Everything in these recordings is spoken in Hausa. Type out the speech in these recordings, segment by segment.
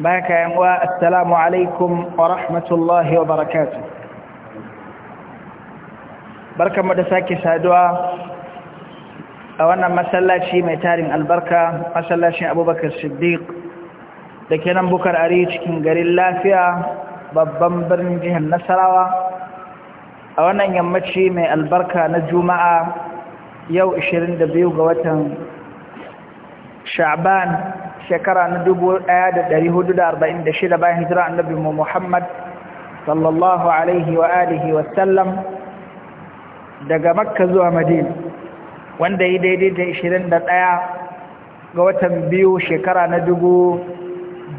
baka yanwa assalamu alaikum wa rahmatullahi wa barakatu Barka da sake saduwa a wannan masallaci mai tarin albarka masallacin abubakar siddiq da ke nan bukar ari cikin garin lafiya babban birnin jihar nasarawa a wannan yammaci mai albarka na juma'a yau 22 ga watan sha'ban shekara na dubu ɗaya da da da hudu arba'in shida bayan hijira annabi Muhammad sallallahu alaihi wa alihi wa sallam daga Makka zuwa Madina wanda yi daidai da ɗaya ga watan biyu shekara na dubu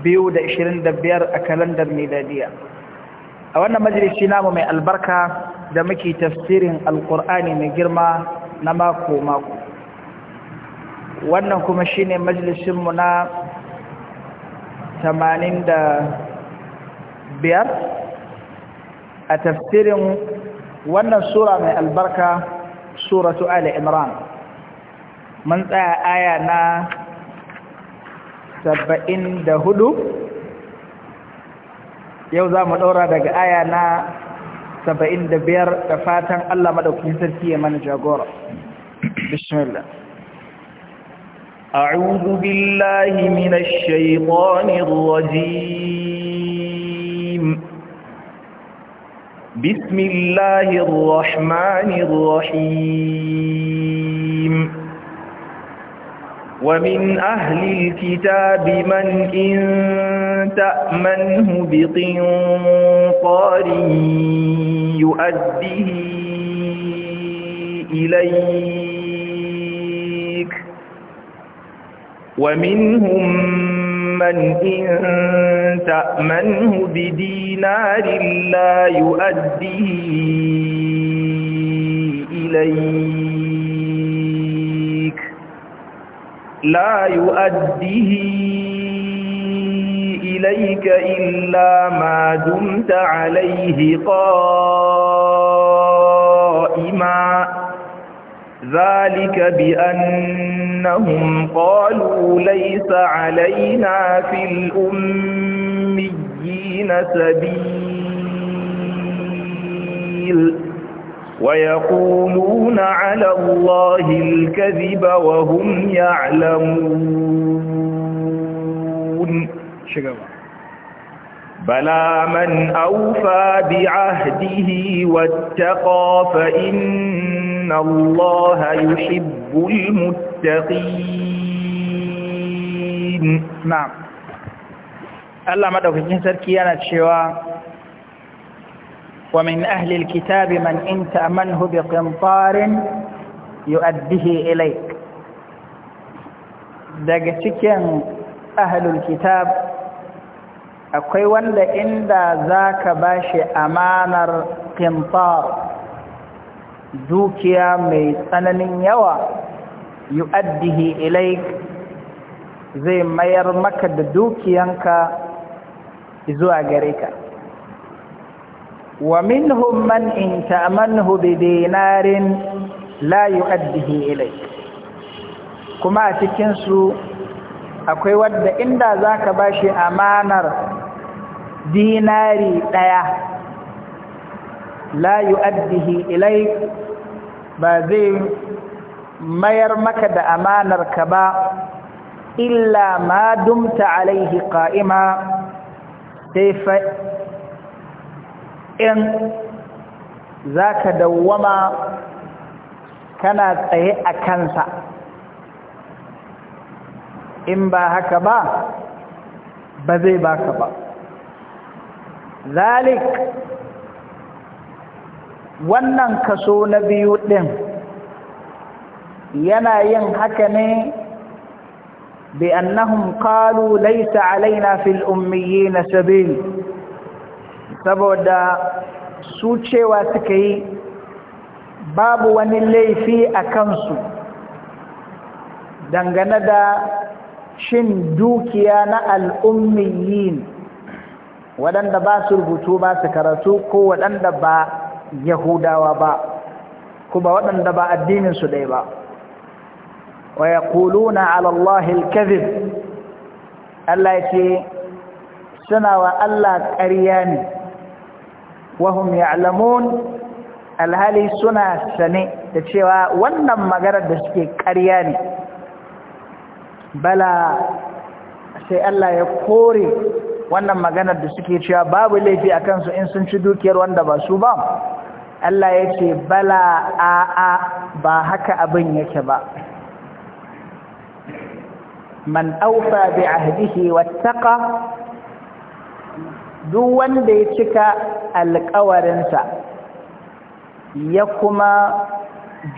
biyu da da ishirin biyar a kalandar miladiya a wannan majalisi namu mai albarka da muke tafsirin alkur'ani mai girma na mako mako wannan kuma shine majalisinmu na tamanin da biyar a tafsirin wannan sura mai albarka suratu ali imran mun tsaya aya na saba'in da hudu yau za mu ɗora daga aya na saba'in da biyar da fatan allah maɗauki sarki ya mana jagora bismillah أعوذ بالله من الشيطان الرجيم بسم الله الرحمن الرحيم ومن أهل الكتاب من إن تأمنه بقنطار يؤديه إليه ومنهم من إن تأمنه بدينار لا يؤديه إليك لا يؤديه إليك إلا ما دمت عليه قائماً ذلك بأنهم قالوا ليس علينا في الأميين سبيل ويقولون على الله الكذب وهم يعلمون بلى من أوفى بعهده واتقى فإن إن الله يحب المتقين نعم الله في جنس أنا شواء ومن أهل الكتاب من إن تأمنه بقنطار يؤديه إليك daga cikin ahlul kitab akwai wanda inda ذاك bashi amanar qintar dukiya mai tsananin yawa addihi ilaik zai mayar maka da dukiyanka zuwa gare ka wa min man in ta'manhu bi dinarin la addihi ilaik kuma a cikinsu akwai wadda inda za ka ba shi amanar dinari ɗaya. la yu'addihi ilai ba zai mayar maka da amanarka ba illa ma dumta alaihi qa'ima sai fa in zaka dawwama kana tsaye a kansa in ba haka ba ba zai baka ba zalik wannan kaso na biyu ɗin yana yin haka ne bi annahum qalu laysa alaina fil ummiyin sabil saboda su cewa suka yi babu wani laifi a kansu dangane da shin dukiya na al'ummiyin waɗanda ba su rubutu ba su karatu ko waɗanda ba yahudawa ba kuma waɗanda ba addininsu ɗaya ba wa ya kuluna alallahil kazib Allah ce suna wa Allah ƙarya ne wahum ya'lamun alhali suna sane da cewa wannan maganar da suke ƙarya ne bala sai Allah ya kore wannan maganar da suke cewa babu laifi a kansu in sun ci dukiyar wanda ba su ba Allah ya ce bala a'a ba haka abin yake ba man aufa bi ahdihi wattaqa duk wanda ya cika alƙawarinsa ya kuma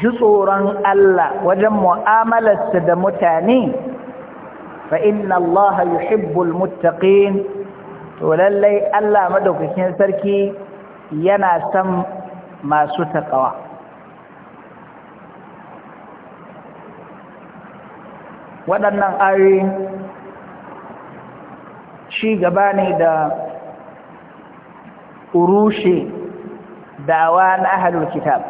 ji tsoron Allah wajen mu'amalarsa da mutane fa inna Allah yuhibbul muttaqin to lallai Allah madaukakin sarki yana son masu taƙawa waɗannan ayoyi shi gaba ne da urushe dawa na ahalul kitab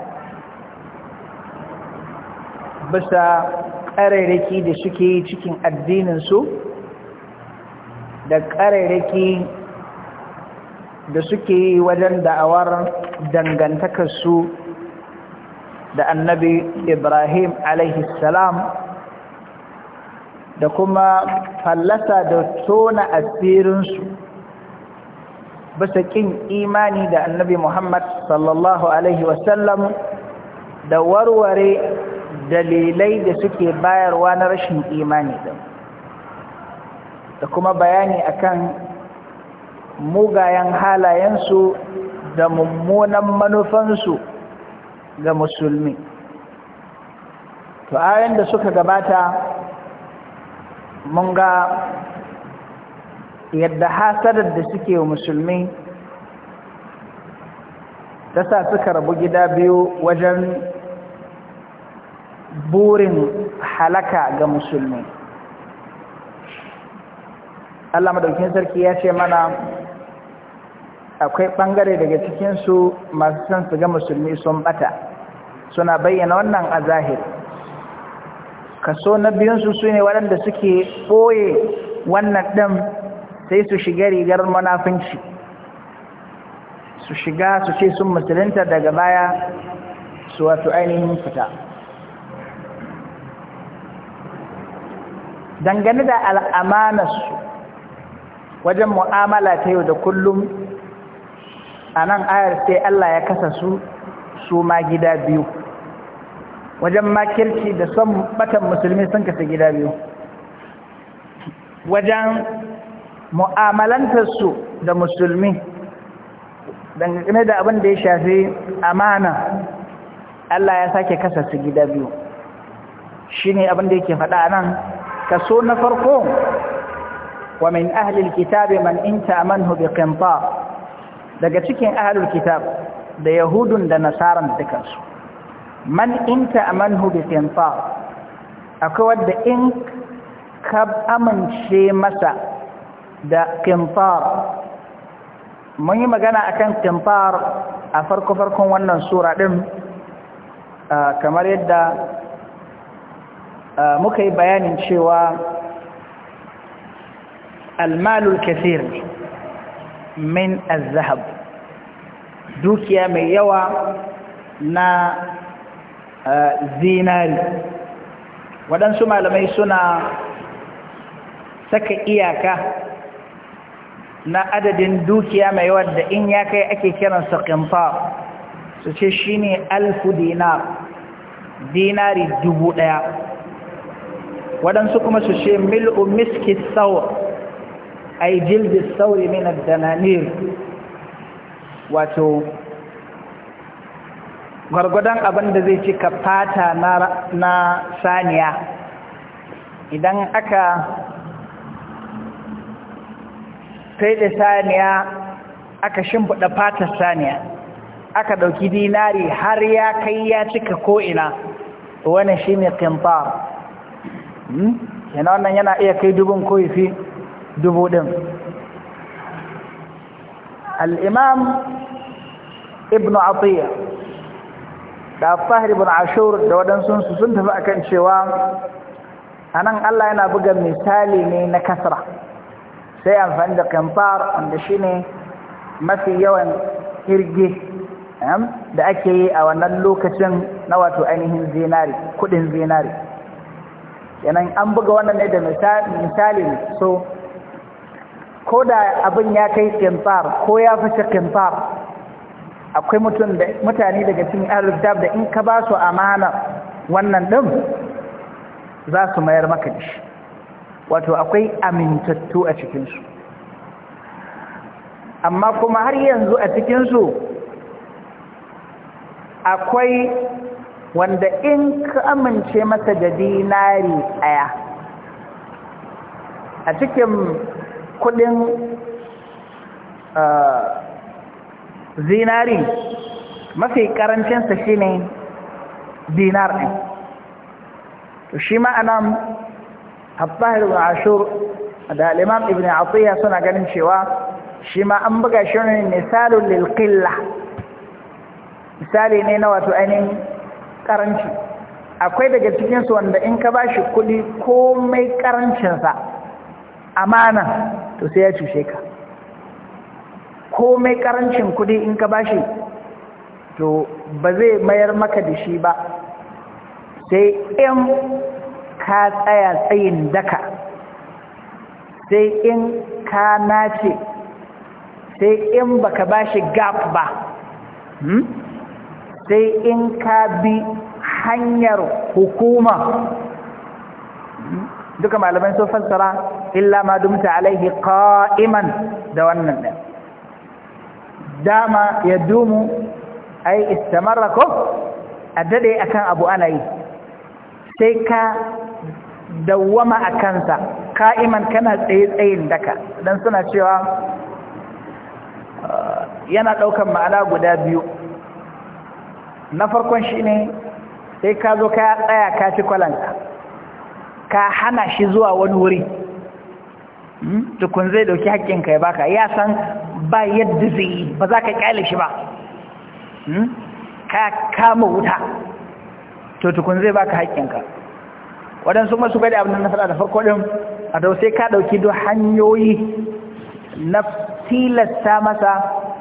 bisa ƙarairaki da suke cikin addininsu da ƙarairaki da suke yi wajen da'awar dangantakarsu da annabi ibrahim salam da kuma fallasa da tona asirinsu bisa ƙin imani da annabi muhammad sallallahu alaihi wasallam da warware dalilai da suke bayarwa na rashin imani da kuma bayani akan mugayen halayensu da mummunan manufansu ga musulmi to ayoyin da suka gabata mun ga yadda hasadar da suke wa musulmi ta sa suka rabu gida biyu wajen burin halaka ga musulmi Allah madaukin sarki ya ce mana akwai ɓangare daga cikinsu masu san su ga musulmi sun ɓata suna bayyana wannan a zahir kaso na biyunsu su ne waɗanda suke ɓoye wannan ɗin sai su shiga rigar munafunci su shiga su ce sun musulunta daga baya su wato ainihin fita dangane da al'amanarsu wajen mu'amala ta yau da kullum a nan ayar sai Allah ya kasa su su ma gida biyu wajen makirci da son batan musulmi sun kasa gida biyu wajen mu'amalantarsu da musulmi dangane da abin da ya shafi amana Allah ya sake kasa su gida biyu shi ne abin da yake faɗa nan kaso na farko wa min ahlil kitabi man in man bi qintar daga cikin ahlul kitab da yahudun da nasaran dukansu man inta amanhu bi tinfar akwai wadda in ka amince masa da tinfar mun yi magana akan tinfar a farko-farkon wannan sura din kamar yadda muka yi bayanin cewa almalul kathir ne min zahab, dukiya mai yawa na uh, zinari waɗansu malamai suna saka iyaka na adadin dukiya mai yawa da in ya kai ake kiransa kimfa su ce shi ne alfu dinar dinari dubu ɗaya waɗansu kuma su ce mil'u miski tsawon ai jildi sauri min ad-dananir wato gargadan abin da zai cika fata na saniya idan aka da saniya aka shimfiɗa fatar saniya aka ɗauki dinari har ya kai ya cika ko'ina wani shine ne kimfar yana wannan yana iya kai dubin koyi fi dubu ɗin al'imam ibn atiyya da fahir ibn ashur da waɗansu sun tafi akan cewa a nan Allah yana buga misali ne na kasra sai amfani da kamfar wanda shi ne mafi yawan kirge da ake yi a wannan lokacin na wato ainihin zinari kudin zinari yanan an buga wannan ne da misali ne so ko da abin ya kai kimfar ko ya fashe kimfar akwai mutane daga cikin dab da in ka ba su amana wannan ɗin za su mayar maka da shi wato akwai amintattu a cikinsu amma kuma har yanzu a cikinsu akwai wanda in ka amince masa da dinari ɗaya a cikin kudin uh, zinari mafi karancinsa shi ne dinar ɗin to shi ma'anan haɓɓahir wa ashur da al'imam ibn atiyya suna ganin cewa shi ma an buga shi ne misalin lilƙilla misali ne na wato ainihin karanci? akwai daga cikinsu wanda in ka ba shi kuɗi komai ƙarancinsa amana to sai ya cushe ka komai karancin kuɗi in ka bashi to ba zai mayar maka da shi ba sai in ka tsaya tsayin daka sai in ka nace sai in baka bashi gap ba hmm? sai in ka bi hanyar hukuma duka malamai sun fassara illa ma dumta alaihi qa'iman da wannan din dama ya dumu ai istamarra ko addade akan abu ana yi sai ka dawwama a kansa ka'iman kana tsaye-tsayin daka don suna cewa uh, yana ɗaukan ma'ana guda biyu na farkon shi ne sai ka zo ka tsaya ka ci kwalanka ka hana shi zuwa wani wuri hmm? tukun zai dauki haƙƙinka ya baka ya san ba yadda zai yi ba za ka ƙyale shi ba hmm? ka kama wuta to tukun zai baka haƙƙinka waɗansu masu gada abin na faɗa da farko ɗin a dau sai ka ɗauki duk hanyoyi na tilasta masa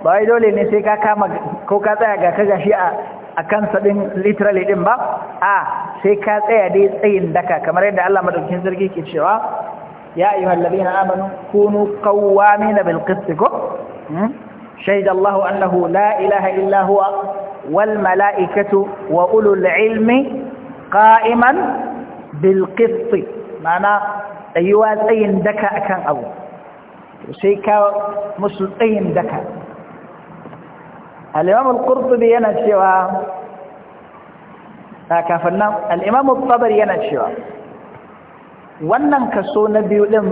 ba wai dole ne sai ka kama ko ka tsaya ga ka gashi a a kansa ɗin literally ɗin ba a sai ka tsaya dai tsayin daka kamar yadda Allah madaukakin sarki ke cewa ya ayyuhal ladina amanu kunu qawwamina bil qist ko hmm? shahida Allahu annahu la ilaha illa huwa wal malaikatu wa ulul ilmi qa'iman bil qist ma'ana tsayuwa tsayin daka akan abu sai ka musu tsayin daka al-imam al yana cewa kafin nan yana cewa wannan kaso na biyu din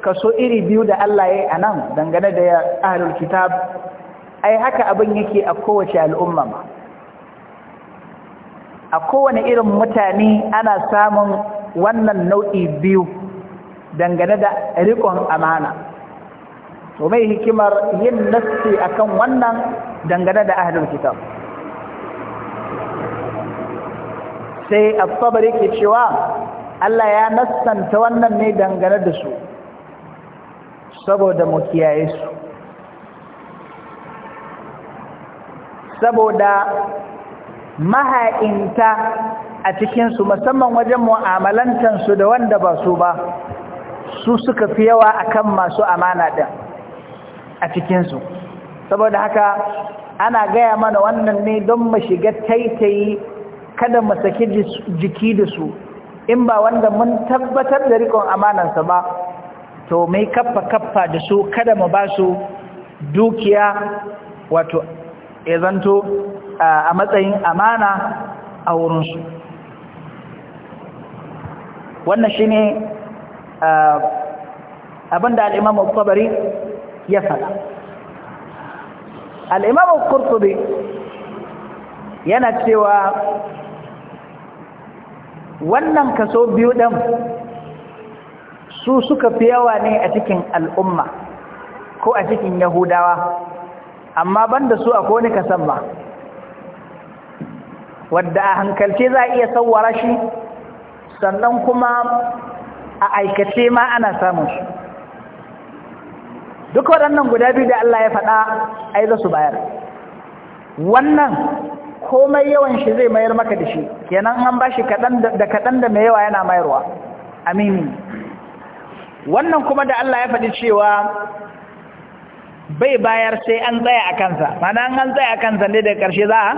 kaso iri biyu da Allah ya yi anan dangane da ahlul kitab ai haka abin yake a kowace al'umma ma a kowane irin mutane ana samun wannan nau'i biyu dangane da rikon amana to mai hikimar yin nassi akan wannan dangane da ahlul kitab sai a tabari cewa Allah ya nasanta wannan ne dangane da su saboda mu kiyaye su saboda maha'inta a cikinsu musamman wajen mu'amalantansu da wanda ba su ba su suka fi yawa akan masu amana ɗin a cikinsu saboda haka ana gaya mana wannan ne don mu shiga taitayi kada mu saki jiki da su in ba wanda mun tabbatar da rikon amanansa ba to mai kaffa kaffa da su kada mu ba su dukiya wato ya zanto a matsayin amana a wurinsu wannan shi ne abinda al'imamu tabari ya faɗa yana cewa wannan kaso biyu ɗan su suka fi yawa ne a cikin al'umma ko a cikin yahudawa amma banda su a kone kasan ba wadda a hankalce za a iya sawwara shi sannan kuma a aikace ma ana samun shi duk waɗannan guda biyu da Allah ya faɗa ai za su bayar wannan komai yawan shi zai mayar maka da shi kenan an ba shi da kaɗan da mai yawa yana mayarwa amini wannan kuma da Allah ya faɗi cewa bai bayar sai an tsaya a kansa mana an tsaya a kansa ne da ƙarshe za a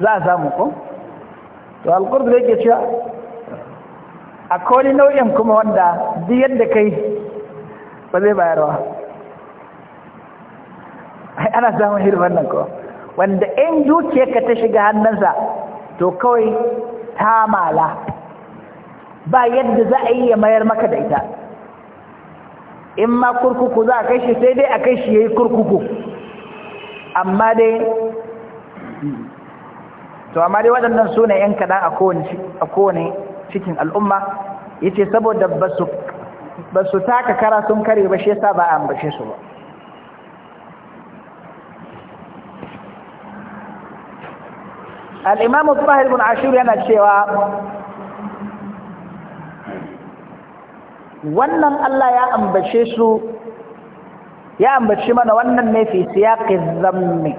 za a samu ko to alƙurdu da yake cewa akwai nau'in kuma wanda duk yadda kai ba zai bayarwa ana samun hirman nan ko wanda in dukiyarka ta shiga hannunsa to kawai ta mala ba yadda za a yi ya mayar maka da ita in ma kurkuku za a kai shi sai dai a kai shi ya yi kurkuku amma dai to amma dai waɗannan su ne ‘yan kaɗan a kowane cikin al'umma ya ce saboda ba su taka kara sun kare ba shi yasa ba a ambashe su ba al'imamu tsahir bin ashir yana cewa wannan Allah ya ambace su ya ambace mana wannan ne fi siyaƙin zammi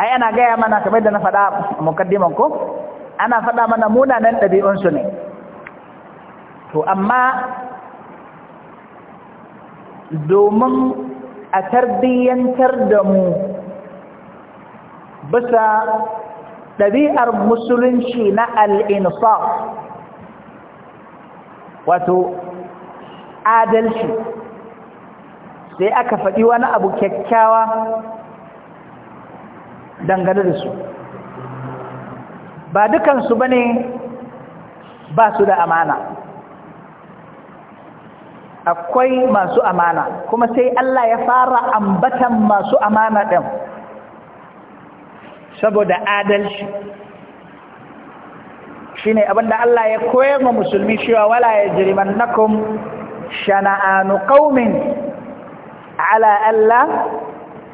ai ana gaya mana kamar da na faɗa mukaddiman ko ana faɗa mana munanan ɗabi'unsu ne to amma domin a tarbiyyantar da mu bisa ɗabi'ar musulunci na al'insaf wato adalci sai aka faɗi wani abu kyakkyawa dangane da su ba dukansu ba ne ba su da amana akwai masu amana kuma sai Allah ya fara ambatan masu amana ɗin saboda adalci shine abinda Allah ya koyar ma musulmi cewa wala yajrimannakum shana'anu qaumin ala alla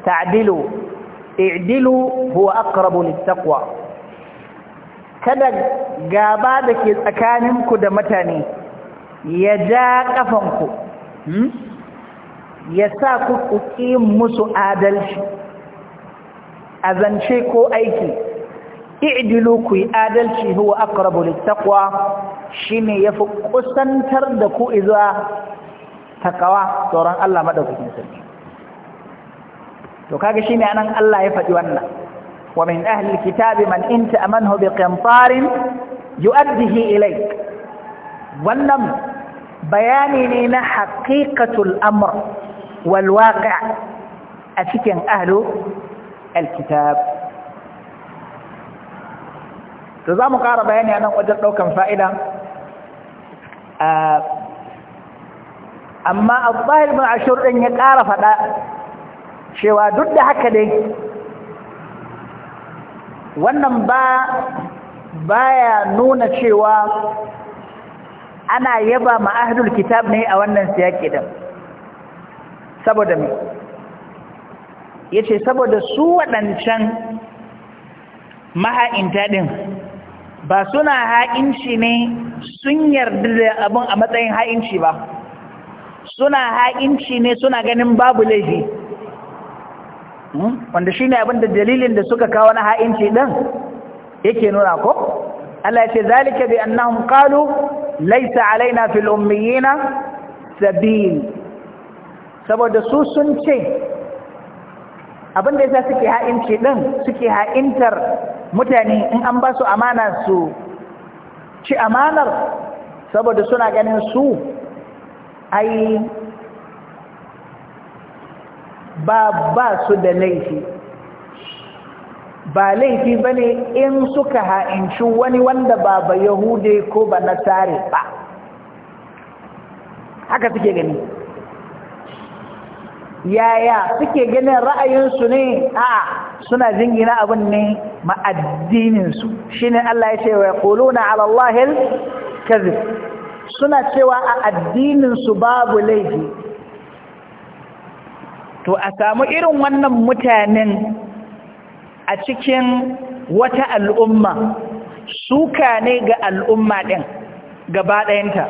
ta'dilu i'dilu huwa aqrabu littaqwa kada gaba dake ke tsakaninku da mutane ya ja kafanku ya sa ku ƙi musu adalci azance ko aiki i'dilu ku adalci huwa aqrabu littaqwa shine yafi kusantar da ku izuwa takawa tsoron Allah madaukakin sarki to kaga shine anan Allah ya faɗi wannan wa min ahli alkitabi man in ta'amanhu biqintarin yu'addihi ilayk wannan bayani ne na haqiqatul amr wal waqi' a cikin ahlu alkitab to za mu ƙara bayani a nan wajen ɗaukan fa'ida amma abubuwan ibn ashur ɗin ya ƙara faɗa cewa duk da haka dai wannan ba baya nuna cewa ana yaba ma'ahadul kitab ne a wannan siyaki din saboda me Yace saboda su waɗancan maha'inta ɗin ba suna ha'inci ne sun yarda da abin a matsayin ha'inci ba suna ha'inci ne suna ganin babu laifi hmm? wanda shi abin da dalilin da suka kawo na ha'inci ɗin yake nuna ko Allah yace ce zalika bi annahum qalu laysa alaina fil ummiyina sabil saboda su sun ce abin da ya sa suke ha'inci din suke ha'intar mutane in an ba su amana su ci amanar saboda suna ganin su ai ba ba su da laifi ba laifi ba ne in suka ha'inci wani wanda ba ba yahude ko ba na nasare ba haka suke gani yaya suke ganin ra'ayinsu ne a suna jingina abin ne ma'addininsu shi ne Allah ya ce wa ya na alallahil kazi suna cewa a addininsu babu laifi to a samu irin wannan mutanen a cikin wata al'umma suka ne ga al'umma ɗin gaba ɗayanta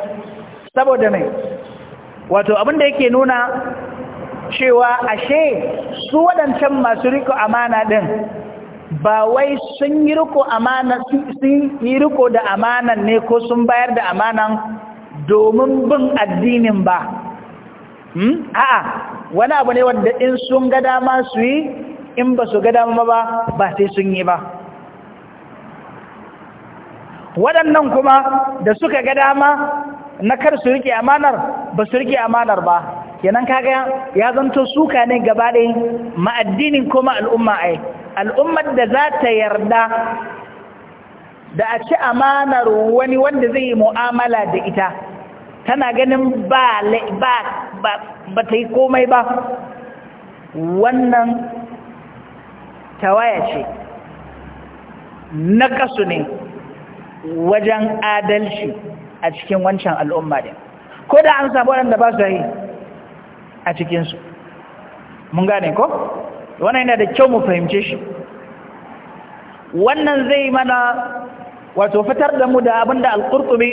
saboda mai wato abin yake nuna cewa ashe su waɗancan masu riko amana ɗin ba wai sun yi riko amana sun yi riko da amanan ne ko sun bayar da amanan domin bin addinin ba hmm? a'a wani abu ne wanda in sun ga dama su yi in ba su ga dama ba ba sai sun yi ba waɗannan kuma da suka ga dama na kar su rike amanar ba su rike amanar ba kenan kaga ya zanto suka ne gaba ɗaya ma'addinin kuma al'umma ai al'ummar da za ta yarda da a ci amanar wani wanda zai yi mu'amala da ita tana ganin ba ba ba ta yi komai ba wannan tawaya ce na kasu ne wajen adalci a cikin wancan al'umma ne ko da an samu waɗanda ba su yi a cikinsu mun gane ko wannan yana da kyau mu fahimce shi wannan zai mana wato fitar da mu da abinda alƙurtubi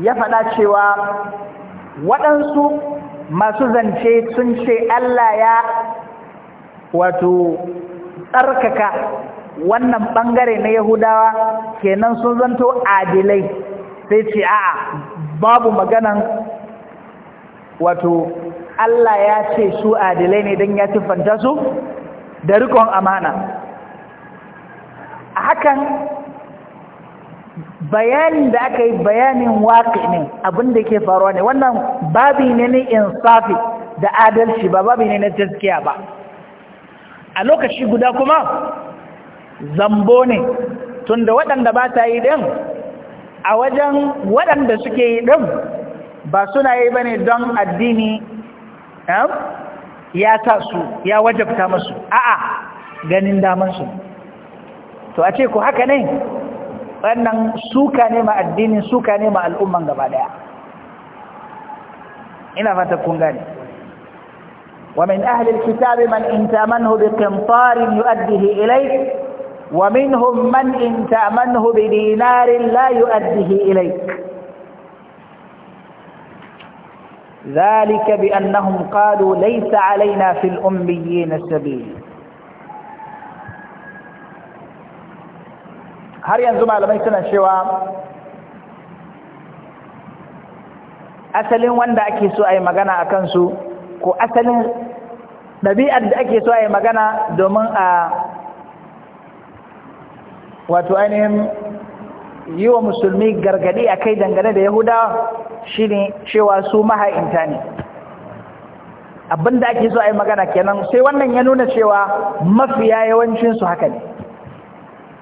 ya faɗa cewa waɗansu masu zance sun ce Allah ya wato tsarkaka wannan ɓangare na Yahudawa kenan sun zanto adilai sai ce a'a babu maganan wato Allah ya ce su adilai ne don ya siffanta su da rikon amana a hakan bayanin da aka yi bayanin waƙi ne abinda ke faruwa ne wannan babi ne na insafi da adalci ba babi ne na taskiya ba a lokaci guda kuma zambo ne tunda waɗanda ba ta yi ɗin a wajen waɗanda suke yi ɗin ba suna yi bane don addini ya sa su ya wajabta masu a'a ganin daman su to a ce ku haka ne wannan suka ne ma addinin suka ne ma al'umman gaba daya ina fata kun gane ومن أهل الكتاب من إن تأمنه بقنطار يؤديه إليك ومنهم من إن تأمنه بدينار لا يؤديه إليك ذلك بأنهم laisa alaina علينا في الأميين سبيل har yanzu malamai suna cewa asalin wanda ake so a yi magana a kansu ko asalin ɗabi'ar da ake so a yi magana domin a wato ainihin yiwa musulmi gargaɗi a kai dangane da yahudawa Shi ne cewa su maha'inta ne abinda ake zuwa a yi magana kenan sai wannan ya nuna cewa mafiya yawancinsu haka ne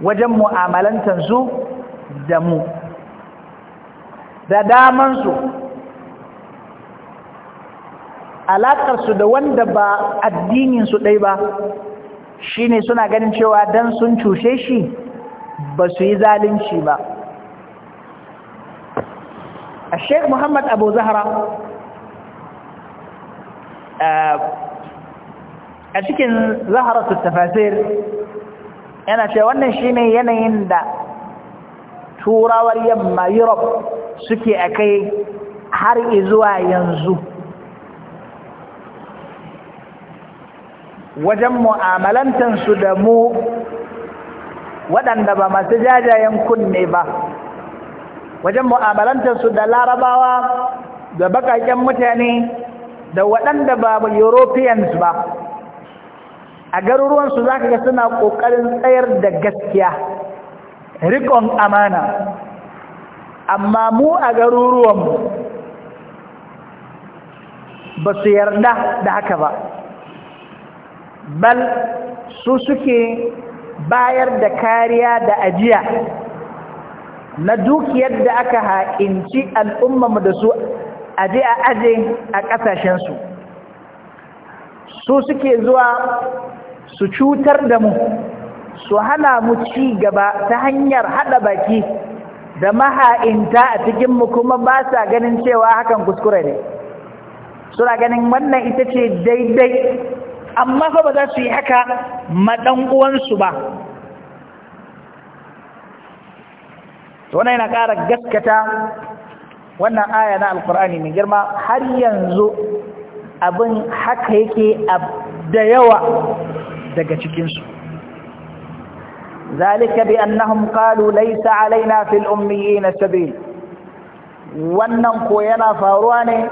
wajen mu'amalantansu da mu da damansu alaƙarsu da wanda ba addininsu ɗai ba shi ne suna ganin cewa don sun cushe shi ba su yi zalunci ba a sheikh muhammad abu zahra eh, a cikin zaharatu tafasir yana ce wannan shine yanayin da turawar yamma europe suke a kai har izuwa yanzu wajen mu'amalantansu da mu waɗanda ba masu jajayen kunne ba wajen mu'amalantarsu da larabawa da baƙaƙen mutane da waɗanda ba europeans ba a garuruwansu za ka ga suna ƙoƙarin tsayar da gaskiya rikon amana amma mu a garuruwanmu ba su yarda da haka ba bal su suke bayar da kariya da ajiya na dukiyar da aka haƙinci al'ummanmu da su aje a aje a ƙasashensu su suke zuwa su cutar da mu su hana mu ci gaba ta hanyar haɗa baki da maha'inta a cikinmu kuma ba sa ganin cewa hakan kuskure ne suna ganin wannan ita ce daidai amma fa ba za su yi haka ɗan uwansu ba to wannan yana ƙara gaskata wannan aya na alkur'ani mai girma har yanzu abin haka yake da yawa daga cikinsu zalika bi annahum qalu laysa alaina fil ummiyina sabil wannan ko yana faruwa ne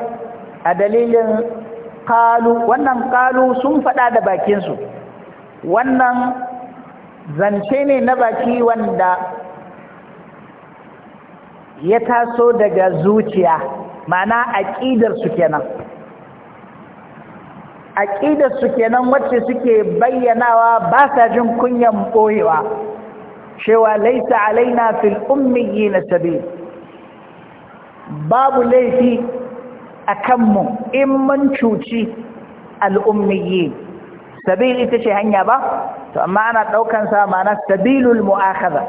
a dalilin qalu wannan qalu sun fada da bakin su wannan zance ne na baki wanda ya taso daga zuciya mana aƙidarsu kenan aƙidarsu kenan wacce suke bayyanawa ba sa jin kunyan ɓoyewa cewa laisa alaina fil ummiyi na sabi babu laifi a kanmu in mun cuci al'ummiyi sabil ita ce hanya ba to amma ana ɗaukansa mana sabilul mu'akaza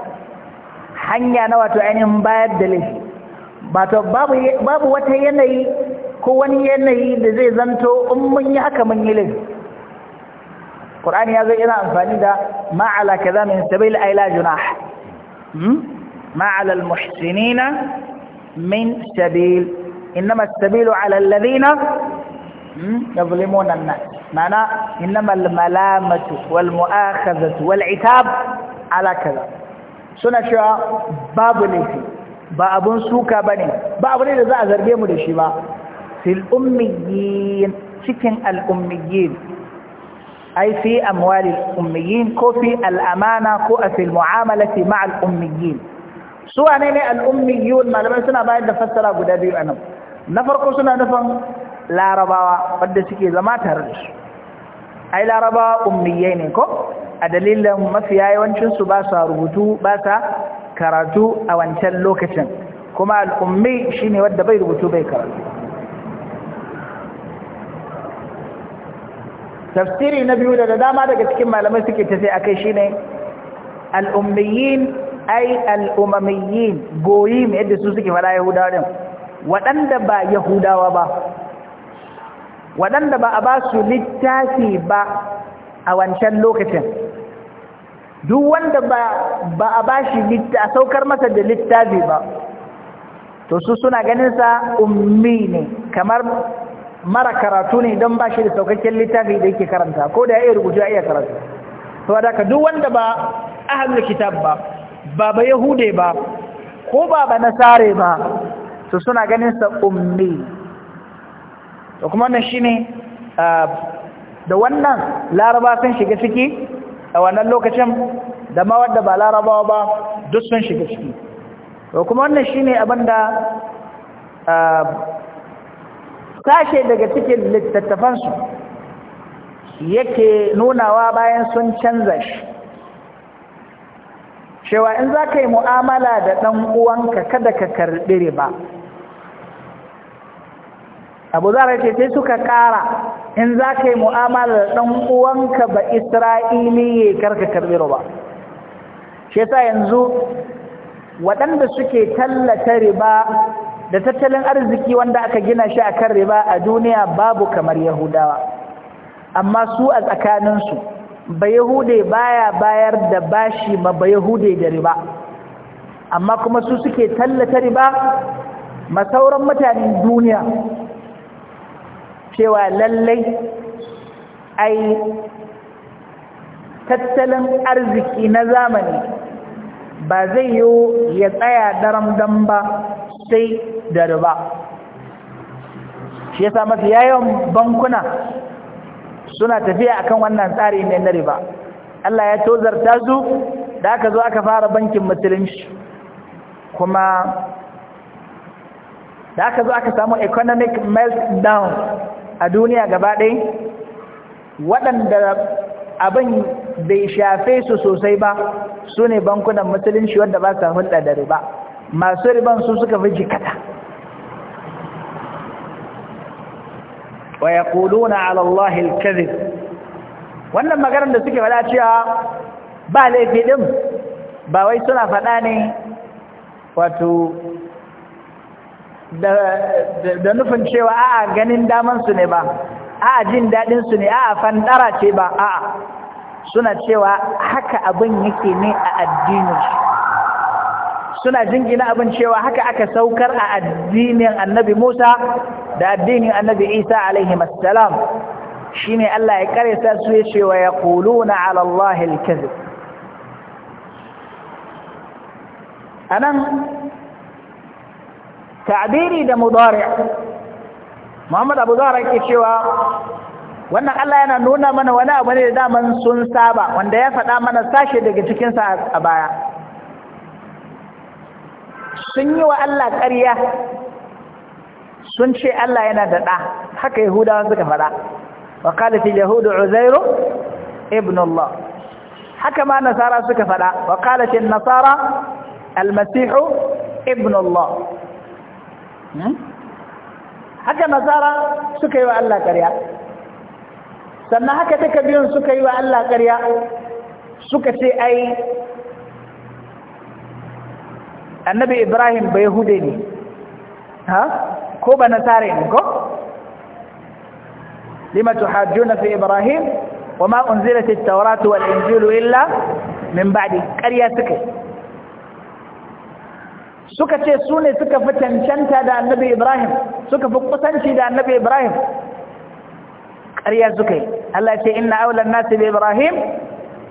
hanya na wato ainihin bayar da laifi bato babu babu wata yanayi ko wani yanayi da zai zanto in mun yi haka mun yi laifi qur'ani ya zai yana amfani da ma ala kaza min sabil aila junah ma ala al muhsinina min sabil انما السبيل على الذين يظلمون الناس معنى إنما الملامة والمؤاخذة والعتاب على كذا suna cewa babu ne ba abun suka bane ba abu ne da za a zarge mu da shi ba fil ummiyin cikin al ummiyin ai fi al ummiyin ko fi al amana ko a fil mu'amalati al ummiyin su wane ne ummiyun malaman suna bayar da fassara guda biyu anan na farko suna nufin larabawa wanda suke zama tare da shi ai laraba ummiyai ne ko a dalilin mafiya yawancinsu ba su rubutu ba sa karatu a wancan lokacin kuma al'ummi shi ne wadda bai rubutu bai karatu tafsiri na biyu da dama daga cikin malamai suke tafi a kai shi ne al'ummiyin ai goyi goyim yadda su suke fada yahudawa ɗin waɗanda ba yahudawa ba waɗanda ba a ba su littafi ba a wancan lokacin duk wanda ba a ba shi a saukar masa da littafi ba to su suna ganinsa ummi ne kamar mara karatu ne don ba shi da saukakken littafi da yake karanta ko da ya iya rubutu ya iya karatu saboda ka duk wanda ba ahlul kitab ba ba ba yahude ba ko ba ba nasare ba to suna ganinsa ummi to kuma wannan shine ah, da wannan laraba sun shiga ciki a wannan lokacin da ma wadda ba larabawa ba duk sun shiga ciki to kuma wannan shine abinda ah, sashe daga cikin littattafansu yake nunawa bayan sun canza shi cewa in za ka yi mu'amala da ɗan uwanka kada ka karɓi riba abu zara ce sai suka kara in za ka yi mu'amala da ɗan uwanka ba Isra'ili ya karka karɓi riba shi sa yanzu waɗanda suke tallata riba da tattalin arziki wanda aka gina shi a kan riba a duniya babu kamar yahudawa amma su a tsakaninsu ba yahude baya bayar da bashi ma ba yahude da riba amma kuma su suke tallata riba ma sauran mutanen duniya cewa lallai ai tattalin arziki na zamani ba zai yi ya tsaya dan ba sai da riba shi yasa mafi yawan bankuna suna tafiya akan wannan tsari ne na riba Allah ya tozarta su da aka zo aka fara bankin musulunci kuma da aka zo aka samu economic meltdown a duniya gaba ɗaya waɗanda abin bai shafe su sosai ba su ne bankunan musulunci wanda ba sa hulɗa da riba masu riban su suka fi jikata wa ya alallahi wannan maganar da suke faɗa cewa ba laifi ɗin ba wai suna faɗa ne wato da nufin cewa a'a ganin damansu ne ba a'a jin daɗinsu ne a'a fandara ce ba a'a suna cewa haka abin yake ne a addininsu suna jingina abin cewa haka aka saukar a addinin annabi Musa da addinin annabi Isa alaihi assalam shine Allah ya sa su ya ce wa yaquluna ala Allah al-kadhib anan ta'biri da mudari' Muhammad Abu Zahra yake cewa wannan Allah yana nuna mana wani abu ne da daman sun saba wanda ya faɗa mana sashe daga cikin sa a baya sun yi wa Allah ƙarya sun ce Allah yana da ɗa haka Yahudawa suka faɗa wa qalat al-yahudu Uzairu ibn Allah haka ma nasara suka faɗa wa qalat an-nasara al-masih ibn Allah haka nasara suka yi wa Allah ƙarya sannan haka ta biyun suka yi wa Allah ƙarya suka ce ai annabi ibrahim bai hude ne ha ko ba nasare ne ko lima tuhajjuna fi ibrahim wa ma unzilat at-tauratu wal injil illa min ba'di ƙarya suka yi suka ce su ne suka fi cancanta da annabi ibrahim suka fi kusanci da annabi ibrahim ƙarya suka yi Allah ce inna aulan nasu bi ibrahim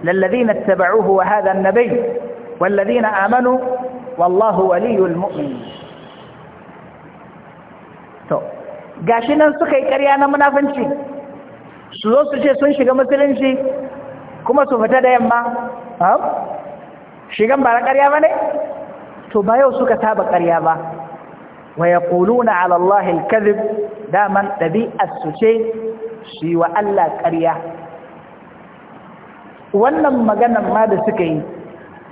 lallazina taba'uhu wa hadha annabi wallazina amanu wallahu waliyul mu'min to gashi nan suka yi ƙarya na munafanci su zo su ce sun shiga musulunci kuma su fita da yamma shigan ba na ƙarya ba ne to ba yau suka taba ƙarya ba wa yaquluna ala allahi alkadhib daman dabi'ar su ce shi wa Allah ƙarya wannan maganan ma da suka yi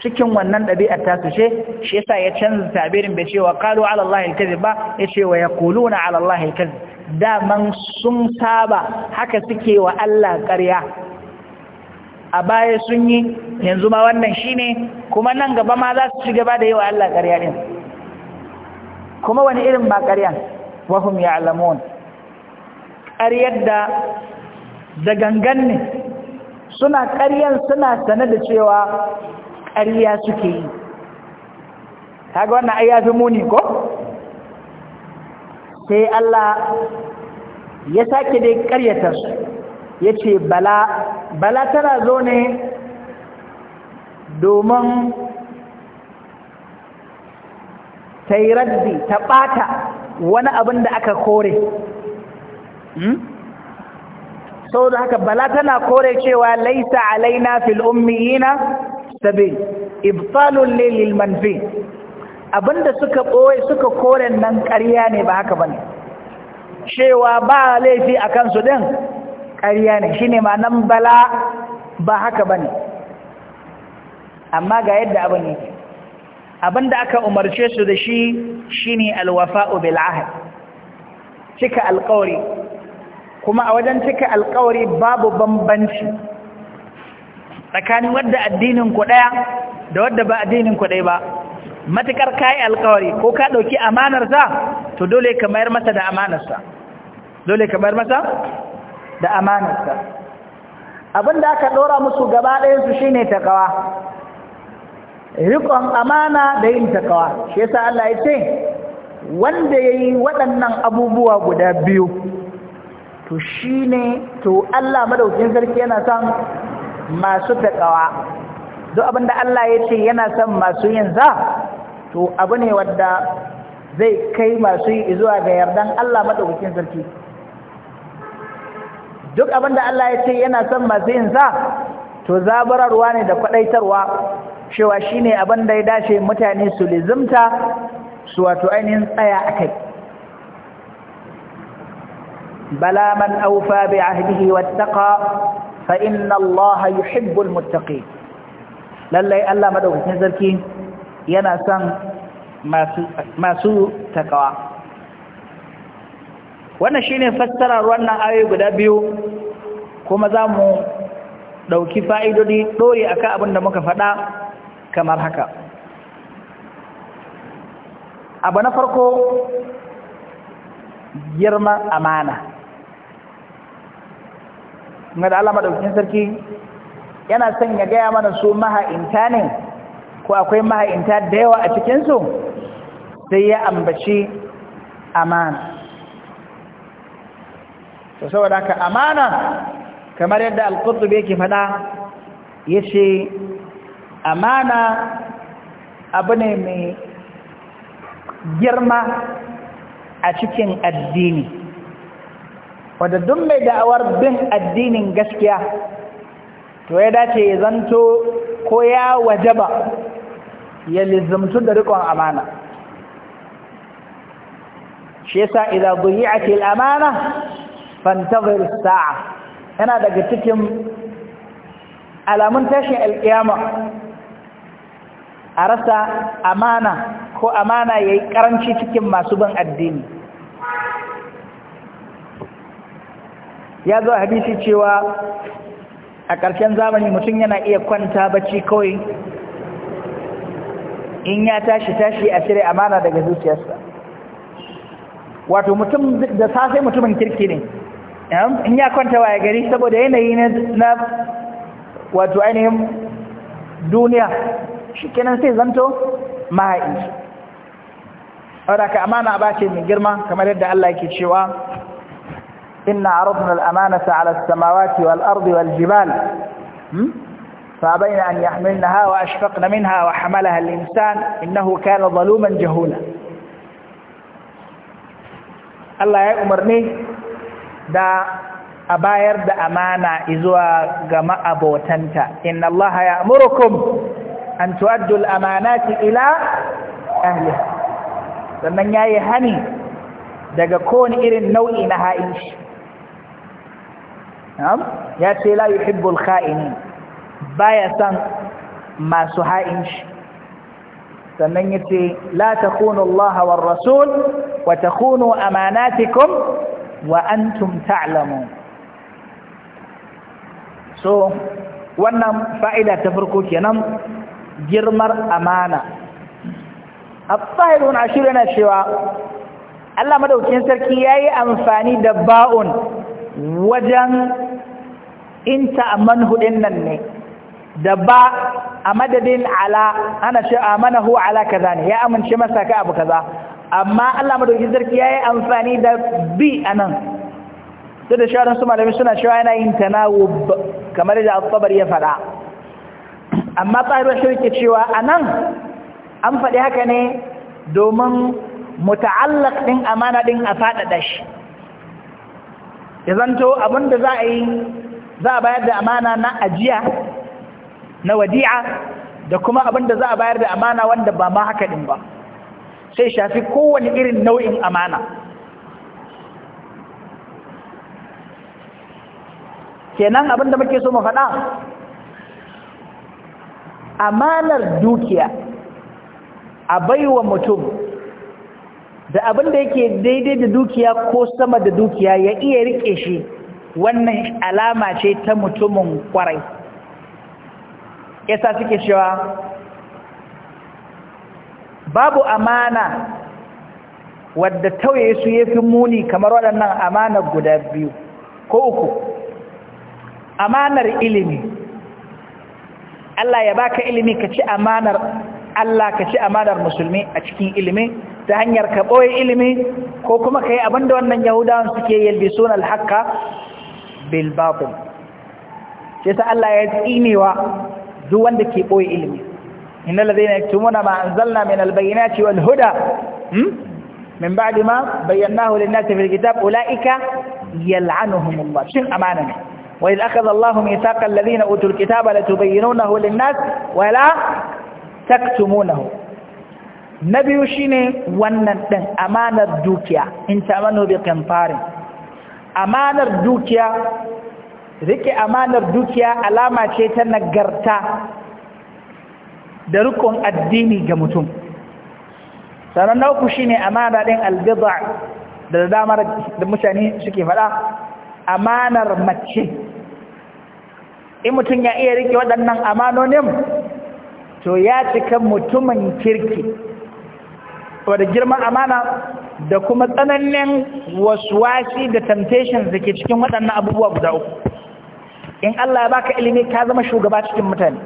cikin wannan ɗabi'ar ta su ce shi yasa ya canza tabirin bai ce qalu ala allahi ba ya ce wa yaquluna ala allahi daman sun saba haka suke wa Allah ƙarya a baya sun yi yanzu ma wannan shine kuma nan gaba ma za su ci gaba da wa Allah ƙarya din kuma wani irin ba ƙaryan wahum alamun ƙaryar da da gangan ne suna ƙaryar suna sane da cewa ƙarya suke yi kaga wannan ai fi muni ko sai Allah ya sake dai ƙaryatar su ya ce bala bala tana zo ne domin ta yi raddi ta ɓata wani abin da aka kore hmm? sau da haka bala tana kore cewa laisa alaina fil ummiyina sabi ibtalun lil manfi abinda suka boye suka kore nan ƙarya ne ba haka bane cewa ba laifi akan su din ƙarya ne shine ma nan bala ba haka ba ne, amma ga yadda abin yake da aka umarce su da shi shi ne alwafa ahd cika alƙawari kuma a wajen cika alƙawari babu bambanci tsakanin wadda addinin ku ɗaya da wadda ba addinin ku ɗaya ba matukar yi alƙawari ko ka ɗauki amanar sa to dole ka mayar masa da amanar sa dole ka mayar masa da amanarsa abinda aka ɗora musu gaba ɗayansu shi ne takawa rikon amana da yin takawa shi yasa Allah ya ce wanda ya yi waɗannan abubuwa guda biyu to shi ne to Allah madaukin sarki yana son masu takawa duk abinda Allah ya ce yana son masu yin za to abu ne wadda zai kai masu yi zuwa ga yardan Allah madaukin sarki duk abin da Allah ya ce yana son masu yin sa to zabararwa ne da kwadaitarwa cewa shine abin da ya dace mutane su lizimta su wato ainihin tsaya akai bala man aufa bi ahdihi wattaqa fa inna Allah yuhibbul muttaqin lallai Allah madaukakin sarki yana son masu masu takawa wannan shine fassarar wannan ayoyi guda biyu kuma za mu ɗauki fa'idodi ɗori akan abin da muka faɗa kamar haka abu na farko girman amana na da alama ɗaukin sarki yana son ya gaya mana su maha'inta ne ko akwai maha'inta da yawa a cikinsu sai ya ambaci amana to saboda haka amana kamar yadda al-qutb yake fada yace amana abu ne mai girma a cikin addini wadda duk mai da'awar bin addinin gaskiya to ya dace ya zanto ko ya wajaba ya lizumtu da rikon amana shi yasa idza duyi'atil amana fantazir sa'a yana daga cikin alamun tashin alƙiyama a rasa amana ko amana yayi karanci cikin masu bin addini ya zo hadisi cewa a ƙarshen zamani mutum yana iya kwanta bacci kawai in ya tashi tashi a cire amana daga zuciyarsa wato mutum da safe mutumin kirki ne in ya kwanta waya gari saboda yanayi na wato ainihin duniya shi kenan sai zanto mahaici wadda ka amana ba ce mai girma kamar yadda Allah yake cewa inna aradna al-amanata ala as-samawati wal-ardi wal-jibal فأبين أن يحملنها وأشفقن منها وحملها الإنسان إنه كان ظلوما جهولا الله يا أمرني da a bayar da amana izuwa ga ma'abotanta inna Allah ya amurukum an tu'addu amanati ila ahliha sannan yayi hani daga kowane irin nau'i na ha'inci ya ce la yuhibbul kha'inin baya san masu ha'inci sannan yace la takunu Allah war rasul wa takunu amanatikum wa antum ta'lamun so wannan fa'ida ta farko kenan girmar amana abbairun ashir yana cewa Allah madaukakin sarki yayi amfani da ba'un wajen inta amanhu ne da ba a madadin ala ana ce amanahu ala kaza ne ya amince masa ka abu kaza amma Allah madaukakin sarki yayi amfani da bi anan sai da sharan su malami suna cewa yana yin tanawub kamar da al sabr ya fada amma tsahirwa shirki cewa anan an faɗi haka ne domin muta'allaq din amana din a faɗaɗa shi ya zanto abinda za a yi za a bayar da amana na ajiya na wadi'a da kuma abinda za a bayar da amana wanda ba ma haka din ba sai shafi kowane irin nau'in amana kenan abin da muke so mu faɗa amanar dukiya a baiwa mutum da abin da yake daidai da dukiya ko sama da dukiya ya iya rike shi wannan alama ce ta mutumin kwarai yasa suke cewa babu amana wadda tauye su ya fi muni kamar waɗannan amanar guda biyu ko uku amanar ilimi Allah ya baka ilimi ka ci amanar Allah ka ci amanar musulmi a cikin ilimi ta hanyar ka ɓoye ilimi ko kuma ka yi abinda wannan yahudawan suke yalbisun alhaka bilbabul shi ta Allah ya tsinewa duk wanda ke ɓoye ilimi innal ladhina yaktumuna ma anzalna min albayyinati wal huda min ba'di ma bayyanahu lin-nasi fil kitab ulaika yal'anuhumullah shin amana ne wa idh akhadha Allahu mithaqa alladhina utul kitaba latubayyinunahu lin-nas wa la taktumunahu nabiyu shine wannan din amanar dukiya in ta'manu bi qintarin amanar dukiya rike amanar dukiya alama ce ta nagarta da rukun addini ga mutum sannan na uku shi shine amana ɗin albiza da damar da mutane suke faɗa amanar mace in mutum ya iya rike waɗannan amanonin to ya cika mutumin kirki wadda girman amana da kuma tsananin wasu waswasi da temptations da ke cikin waɗannan abubuwa guda uku in Allah ya baka ilimi ka zama shugaba cikin mutane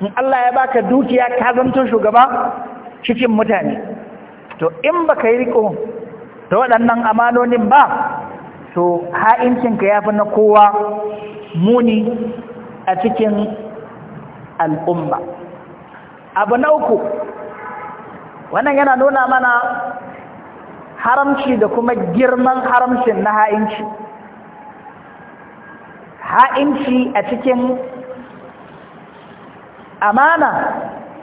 in Allah ya baka dukiya ka zanto shugaba cikin mutane to in baka yi riko da waɗannan amanonin ba to ha'incinka ya fi na kowa muni a cikin al'umma abu na uku wannan yana nuna mana haramci da kuma girman haramcin na ha'inci ha'inci a cikin amana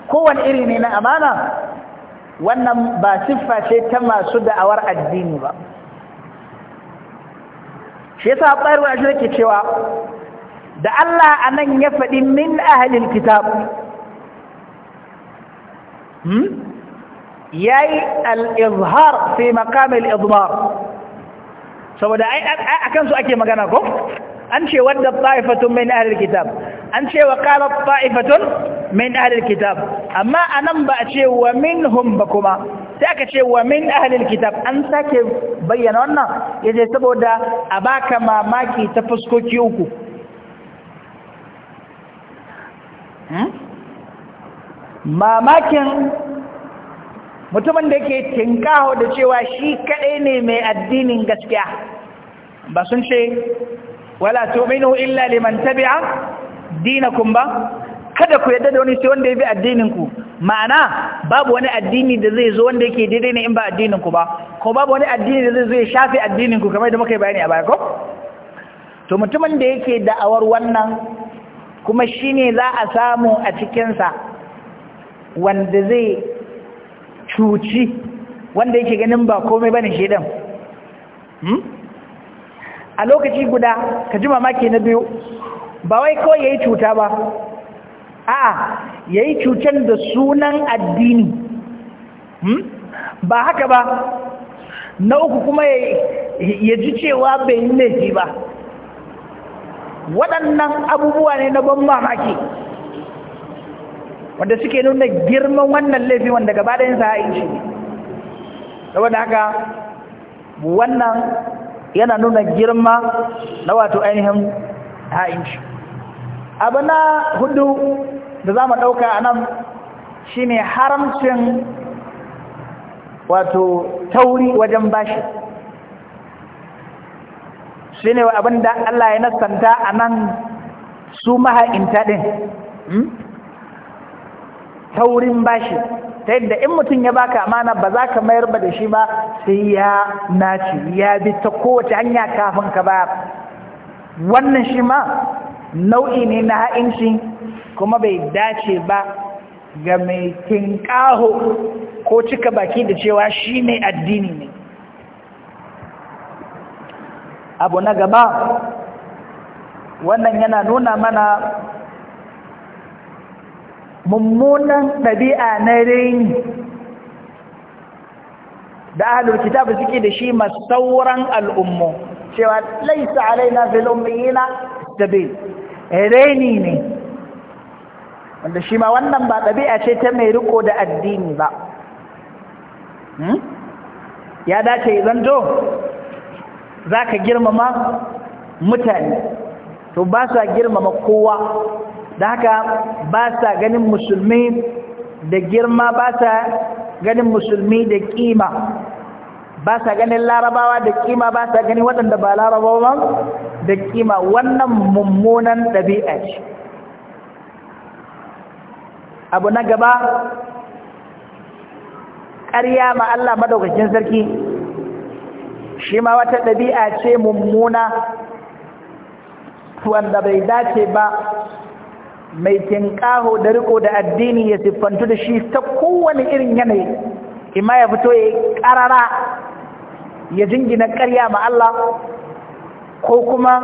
kowane iri ne na amana wannan ba siffa ce ta masu da'awar addini ba shi yasa bayar wa shi ke cewa da Allah anan ya faɗi min ahlil kitab hmm yayi al-izhar fi maqam al-idmar saboda ai akan su ake magana ko an ce wadda ta'ifatun min ahlil kitab an ce wa qalat ta'ifatun min ahlil kitab amma anan ba a ce wa minhum ba kuma sai aka ce wa min ahlil kitab an sake bayyana wannan yace saboda a baka mamaki ta fuskoki uku hmm? mamakin mutumin da ke tinkaho da cewa shi kaɗai ne mai addinin gaskiya ba sun ce wala tu'minu illa liman tabi'a dinakum ba kada ku yadda da wani sai wanda ya bi addinin ku ma'ana babu wani addini da zai zo wanda yake daidai ne in ba addinin ku ba ko babu wani addini da zai zo ya shafi addinin ku kamar da muka yi bayani a baya ko to mutumin da yake da'awar wannan kuma shine za a samu a cikin sa wanda zai cuci wanda yake ganin ba komai bane shedan hmm? a lokaci guda ka ji mamaki na biyu ba wai kawai ya yi cuta ba a'a ya yi cutar da sunan addini hmm? ba haka ba na uku kuma ya ji cewa bai yi laifi ba waɗannan abubuwa ne na ban mamaki wanda suke nuna girman wannan laifin wanda gaba ɗayansa ha'in shi saboda haka wannan yana nuna girma na wato ainihin ha'inci abu na hudu da za mu ɗauka a nan shi ne haramcin wato tauri wajen bashi shi ne abin da Allah ya nasanta a nan su maha'inta ɗin hmm? taurin bashi ta yadda in mutum ya baka amana ba za ka mayar ba da shi ba sai ya nace ya bi ta kowace hanya kafin ka ba wannan shi ma nau'i ne na ha'inci kuma bai dace ba ga mai tinƙaho ko cika baki da cewa shi ne addini ne abu na gaba wannan yana nuna mana mummunan ɗabi'a na raini da ahlul kitab suke da shi sauran al'ummu cewa laisa alaina fil ummiyina sabil ne wanda shi ma wannan ba ɗabi'a ce ta mai riko da addini ba hmm? ya dace idan za ka girmama mutane to ba sa girmama kowa da haka ba sa ganin musulmi da girma ba sa ganin musulmi da kima ba sa ganin larabawa da kima ba sa ganin waɗanda ba larabawa da kima wannan mummunan ɗabi'a ce abu na gaba ƙarya ma Allah madaukakin sarki shi ma wata ɗabi'a ce mummuna wanda bai dace ba mai tinkaho da riko da addini ya siffantu da shi ta kowane irin yanayi imma ya fito ya karara ya jingina karya ma Allah ko kuma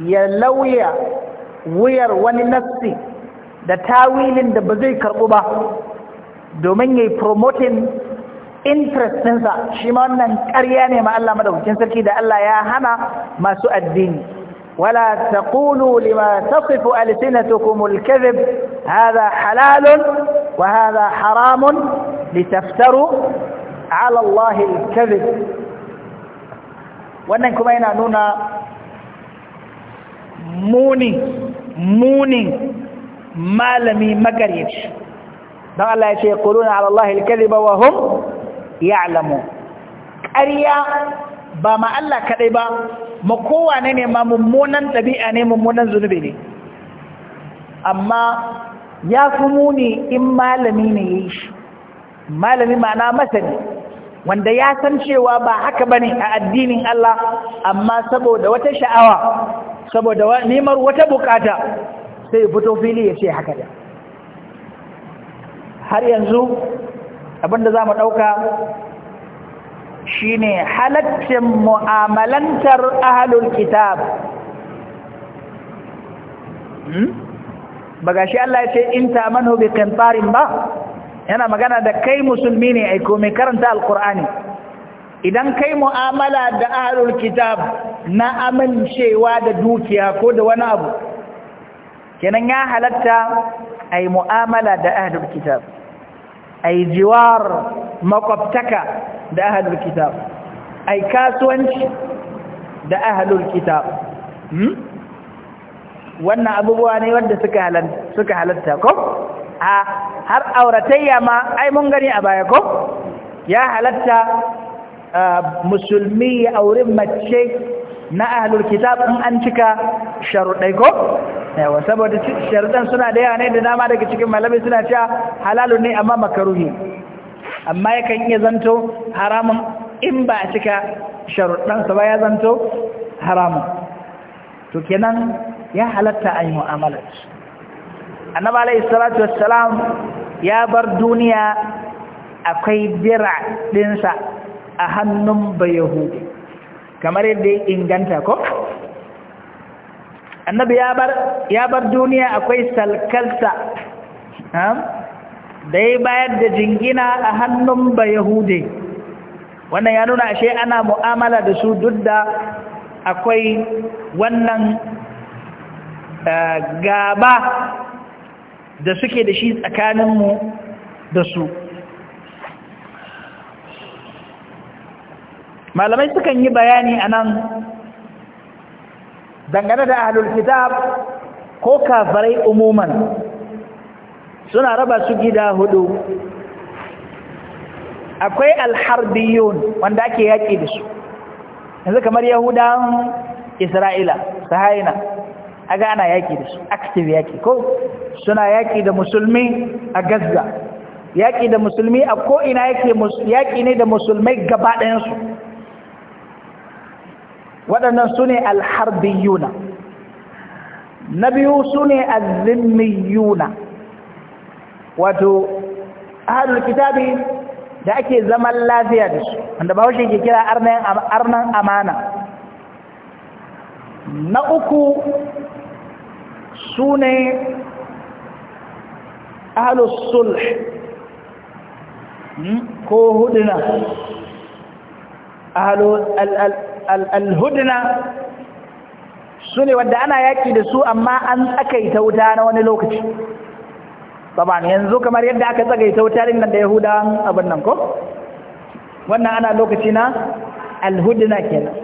ya lauya wuyar wani nassi da tawilin da ba zai karɓu ba domin ya yi promoting interest ɗinsa shi ma wannan ƙarya ne ma Allah madaukakin sarki da Allah ya hana masu addini ولا تقولوا لما تصف ألسنتكم الكذب هذا حلال وهذا حرام لتفتروا على الله الكذب وأنكم أين أنونا موني موني ما لم يمكريش قال يقولون على الله الكذب وهم يعلمون أريا ba ma Allah kaɗai ba ma kowane ne ma mummunan ɗabi'a ne mummunan zunubi ne amma ya fi muni in malami ne ya yi shi malami ma'ana masani wanda ya san cewa ba haka bane a addinin Allah amma saboda wata sha'awa saboda nemar wata bukata sai fito fili ya ce haka da har yanzu abinda za mu ɗauka shine halaccin mu'amalantar ahlul kitab hmm? ba ga shi Allah ya ce in ta tamanu bi qintarin ba yana magana da kai musulmi ne ai ko mai karanta alqur'ani idan kai mu'amala da ahlul kitab na amincewa da dukiya ko da wani abu kenan ya halatta ai mu'amala da ahlul kitab ai jiwar makwabtaka da ahalul kitab ai kasuwanci da ahalul kitab hmm? wannan abubuwa ne wanda suka halatta ko a har auratayya ma ai mun gani a baya ko ya halatta musulmi ya auri mace na ahlul kitab in an cika sharuɗai ko yawa saboda sharuɗan suna da yawa ne da dama daga cikin malami suna cewa halalun ne amma makaruhi amma yakan iya zanto haramun in ba a cika sharuɗansa ba ya zanto haramun to kenan ya halatta a yi mu'amalar annaba alaihi salatu wassalam ya bar duniya akwai dira ɗinsa a hannun bayahu kamar yadda ya inganta ko annabi ya bar duniya akwai salkarsa da ya bayar da jingina a hannun ba yahude wannan ya nuna ashe ana mu'amala da su duk da akwai wannan eh, gaba da suke da shi tsakaninmu da su malamai sukan yi bayani a nan dangane da ahlul kitab ko kafarai umuman suna raba su gida hudu akwai alharbiyun wanda ake yaƙi da su yanzu kamar yahudan isra'ila sahayina a gana yaƙi da su active yaƙi ko suna yaƙi da musulmi a gazza yaƙi da musulmi a ko'ina yaƙi ne da musulmai gaba waɗannan su ne alharbiyuna na biyu su ne azimmiyuna wato ahlul kitabi da ake zaman lafiya da su wanda bahaushe ke kira arnan amana na uku su ne sulh hmm, ko hudina alhudina su ne wadda ana yaki da su amma an tsakaita wuta na wani lokaci saban yanzu kamar yadda aka tsagaita wutarin nan da yahudawan abin nan ko wannan ana lokaci na alhudina kenan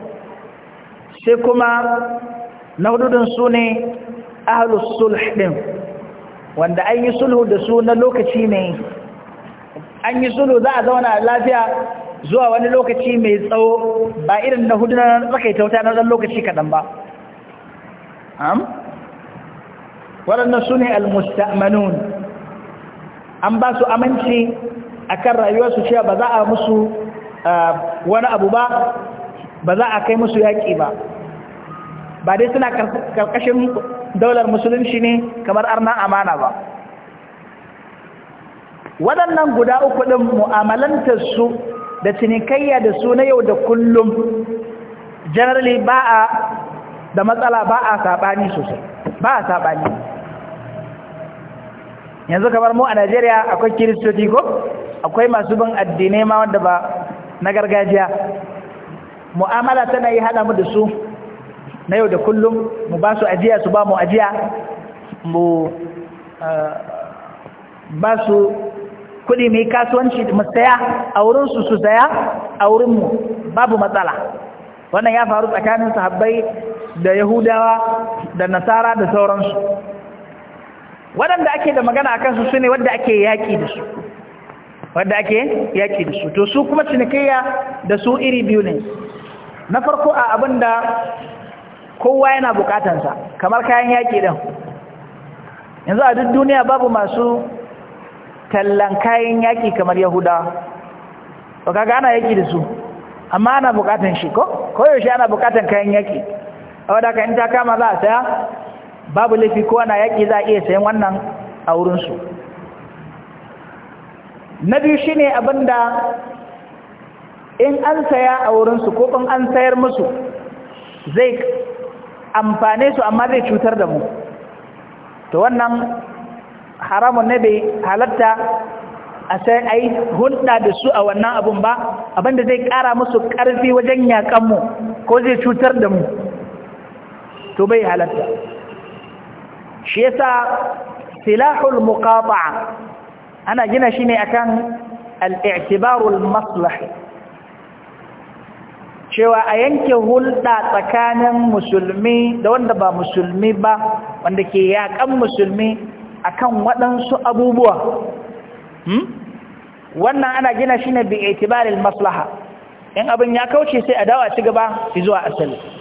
sai kuma na hududun su ne ahalus sulh din wanda an yi sulhu da su na lokaci ne an yi sulhu za a zauna lafiya zuwa wani lokaci mai tsawo ba irin na hudu na tsakaita wuta na ɗan lokaci kaɗan ba waɗannan su ne almustamanun an ba su aminci akan rayuwarsu cewa ba za a musu wani abu ba ba za a kai musu yaƙi ba ba dai suna karkashin daular musulunci ne kamar arna amana ba waɗannan guda uku ɗin mu'amalantarsu da cinikayya da su na yau da kullum generally ba a da matsala ba a saɓani sosai ba a saɓani yanzu kamar mu a Najeriya akwai kiristoci ko akwai masu bin addinai ma wanda ba na gargajiya mu'amala tana yi hada mu da su na yau da kullum mu ba su ajiya su ba mu ajiya mu eh, ba su kudi mai kasuwanci mu saya a wurinsu su saya a wurinmu babu matsala wannan ya faru tsakanin sahabbai da yahudawa da nasara da sauransu waɗanda ake da magana a kansu su ne wadda ake yaƙi da su wadda ake yaƙi da su to su kuma cinikayya da su iri biyu ne na farko a abin da kowa yana buƙatansa, kamar kayan yaƙi ɗin yanzu a duk duniya babu masu tallan kayan yaƙi kamar yahuda ba kaga ana yaƙi da su amma ana buƙatan shi ko yaushe ana buƙatan kayan yaƙi a wadaka in ta kama za a saya babu laifi ko ana yaƙi za a iya sayan wannan a wurinsu na biyu shi ne abinda in an saya a wurinsu ko in an sayar musu zai amfane su amma zai cutar da mu to wannan haramun ne bai halatta a sai a yi hulɗa da su a wannan abun ba abinda zai ƙara musu ƙarfi wajen yaƙanmu ko zai cutar da mu to bai halatta shi yasa silahul muqata'a ana gina shi ne akan al-i'tibarul maslahi cewa a yanke hulɗa tsakanin musulmi da wanda ba musulmi ba wanda ke yaƙan musulmi akan waɗansu abubuwa hmm? wannan ana gina shi ne bi itibaril maslaha in abin ya kauce sai a dawa ci gaba zuwa asali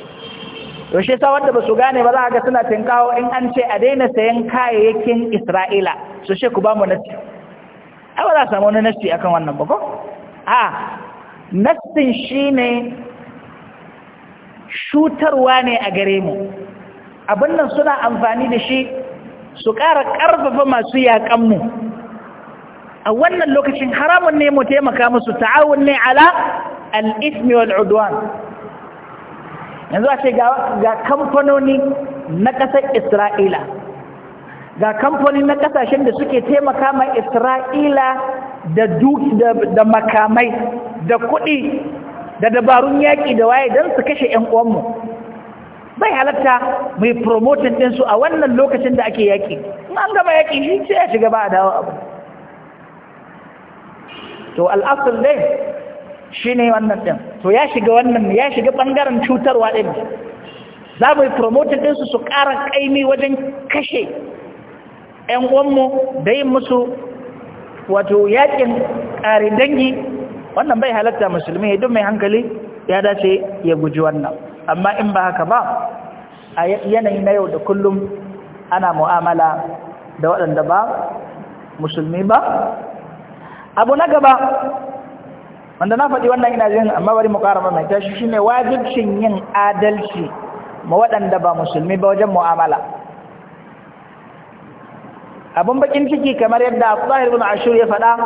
to shi sa wanda ba su gane ba za ga suna tinkawo in an ce a daina sayan kayayyakin Isra'ila su she ku ba mu nasi ai ba za a samu nasi akan wannan ba ko a nassin ne shutarwa ne a gare mu abin nan suna amfani da shi su ƙara ƙarfafa masu yaƙanmu a wannan lokacin haramun ne mu taimaka musu ta'awun ne ala al-ismi wal udwan yanzu a ce ga kamfanoni na ƙasar isra'ila ga kamfanoni na ƙasashen da suke taimaka mai isra'ila da da makamai da kuɗi da dabarun yaƙi da waye don su kashe 'yan uwanmu bai halatta mai promotin ɗinsu a wannan lokacin da ake yaƙi in an gaba yaƙi shi ce ya shiga ba a dawo abu to al'asar dai shi ne wannan ɗin to ya shiga wannan ya shiga ɓangaren cutarwa ɗin za mu yi promotin ɗinsu su ƙara ƙaimi wajen kashe ‘yan uwanmu da yin musu wato yaƙin ƙari dangi wannan bai halatta musulmi duk mai hankali ya dace ya guji wannan amma in ba haka ba a yanayi na yau da kullum ana mu'amala da waɗanda ba musulmi ba abu na gaba wanda na faɗi wannan ina jin amma bari mu ƙara mai tashi shine wajibcin yin adalci ma waɗanda ba musulmi ba wajen mu'amala abun bakin ciki kamar yadda Abdullah ibn Ashur ya faɗa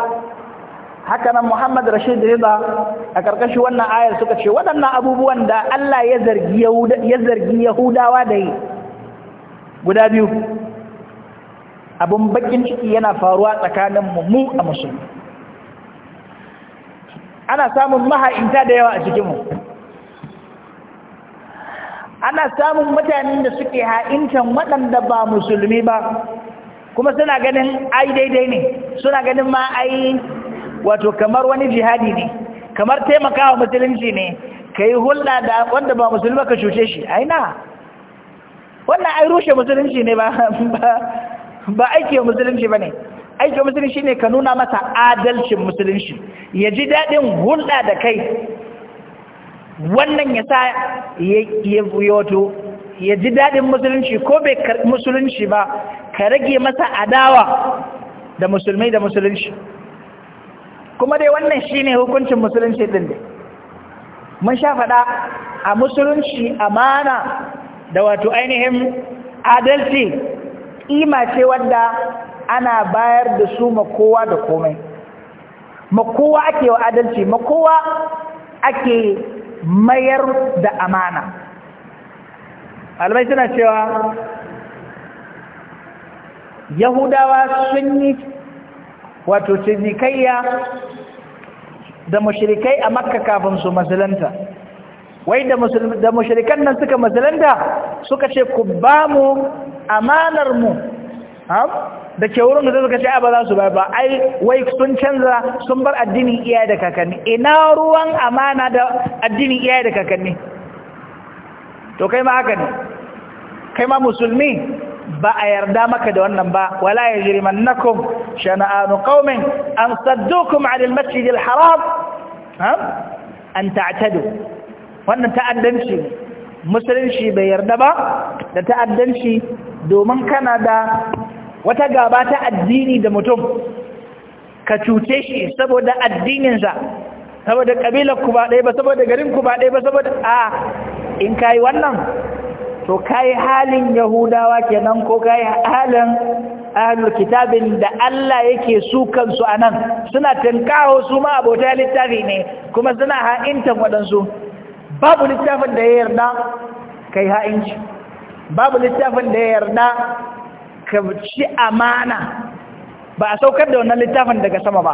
haka nan Muhammad Rashid Rida a karkashin wannan ayar suka ce waɗannan abubuwan da Allah ya zargi ya zargi Yahudawa da yi guda biyu abun bakin ciki yana faruwa tsakanin mu mu a musulmi ana samun maha'inta da yawa a cikinmu ana samun mutanen da suke ha'intan waɗanda ba musulmi ba kuma suna ganin ai daidai ne suna ganin ma ai wato kamar wani jihadi ne kamar taimakawa musulunci ne ka yi hulɗa da wanda ba musulmi ba ka cuce shi ai na wannan ai rushe musulunci ne ba ba aiki wa musulunci ba ne aikin musulunci shine ka nuna masa adalcin musulunci ya ji daɗin hulɗa da kai wannan ya sa ya wato ya ji daɗin musulunci ko bai karɓi musulunci ba ka rage masa adawa da musulmai da musulunci kuma dai wannan shine hukuncin musulunci ɗin dai mun sha faɗa a musulunci amana da wato ainihin adalci ƙima ce wadda ana bayar da su ma kowa da komai ma kowa ake wa adalci ma kowa ake mayar da amana albai suna cewa yahudawa sun yi wato cinikayya da mashirikai a makka kafin su musulunta wai da mashirikan nan suka musulunta suka ce ku ba mu amanar mu da ke wurin da suka ce ba za su ba ai wai sun canza sun bar addinin iyaye da kakanni ina ruwan amana da addinin iyaye da kakanni to kai ma haka ne kai ma musulmi ba a yarda maka da wannan ba wala yajrimannakum shana'anu qaumin an saddukum 'ala al haram an ta'tadu wannan ta'addanci musulunci bai yarda ba da ta'addanci domin kana da wata gaba ta addini da mutum ka cuce shi saboda addininsa saboda ƙabilar ku ba ɗaya ba saboda garin ku ba ɗaya ba saboda a in kayi wannan to kayi halin yahudawa kenan ko kayi halin ahlul kitabin da Allah yake su kansu anan suna tankawo su ma abota littafi ne kuma suna ha'intan waɗansu babu littafin da ya yarda kai ha'inci babu littafin da ya yarda ka ci amana ba a saukar da wannan littafin daga sama ba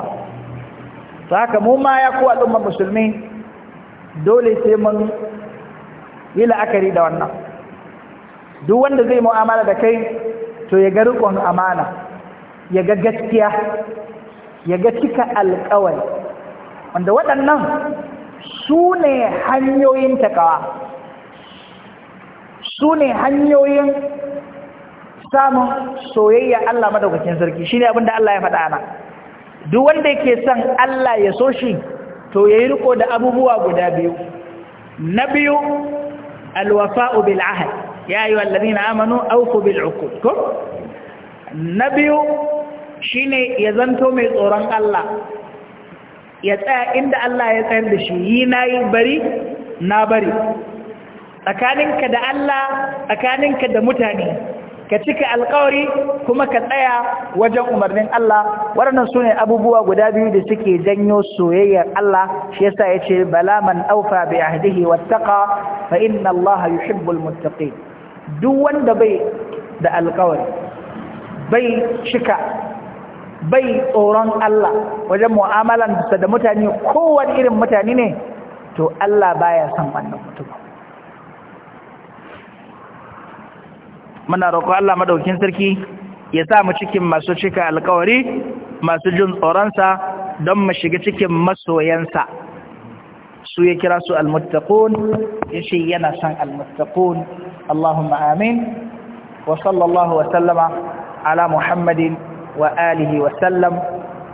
ta haka mu ma ya kuwa al'ummar musulmi dole sai mun yi la'akari da wannan duk wanda zai mu'amala da kai to ya ga rikon amana ya ga gaskiya ya ga cika alkawari wanda waɗannan su ne hanyoyin takawa su ne hanyoyin samun soyayya Allah madaukakin sarki shine abin da Allah ya faɗa duk wanda yake son Allah ya so shi to yayi riko da abubuwa guda biyu na biyu alwafa'u bil Ahad ya ayu alladhina amanu awfu bil na biyu shine ya zanto mai tsoron Allah ya tsaya inda Allah ya tsayar da shi yi yi bari na bari tsakaninka da Allah tsakaninka da mutane ka cika alkawari kuma ka tsaya wajen umarnin Allah waɗannan sune abubuwa guda biyu da suke janyo soyayyar Allah shi yasa ce bala man aufa bi ahdihi wattaqa fa inna Allah yuhibbul muttaqin duk wanda bai da alkawari bai cika bai tsoron Allah wajen mu'amalan da mutane kowane irin mutane ne to Allah baya son wannan mutum muna roƙon Allah madaukakin sarki ya sa mu cikin masu cika alƙawari masu jin tsoronsa don mu shiga cikin masoyansa su ya kira su almuttaqun yace yana san almuttaqun Allahumma amin wa sallallahu wa sallama ala Muhammadin wa alihi wa sallam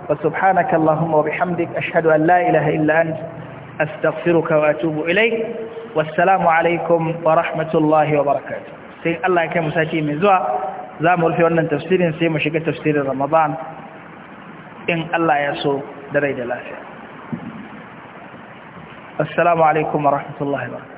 wa subhanaka Allahumma wa bihamdik ashhadu an la ilaha illa anta astaghfiruka wa atubu ilayk wassalamu alaikum wa rahmatullahi wa barakatuh sai Allah ya kai mu sati mai zuwa za mu rufe wannan tafsirin sai mu shiga tafsirin Ramadan in Allah ya so da rai da lafiya assalamu alaikum wa rahmatullahi wa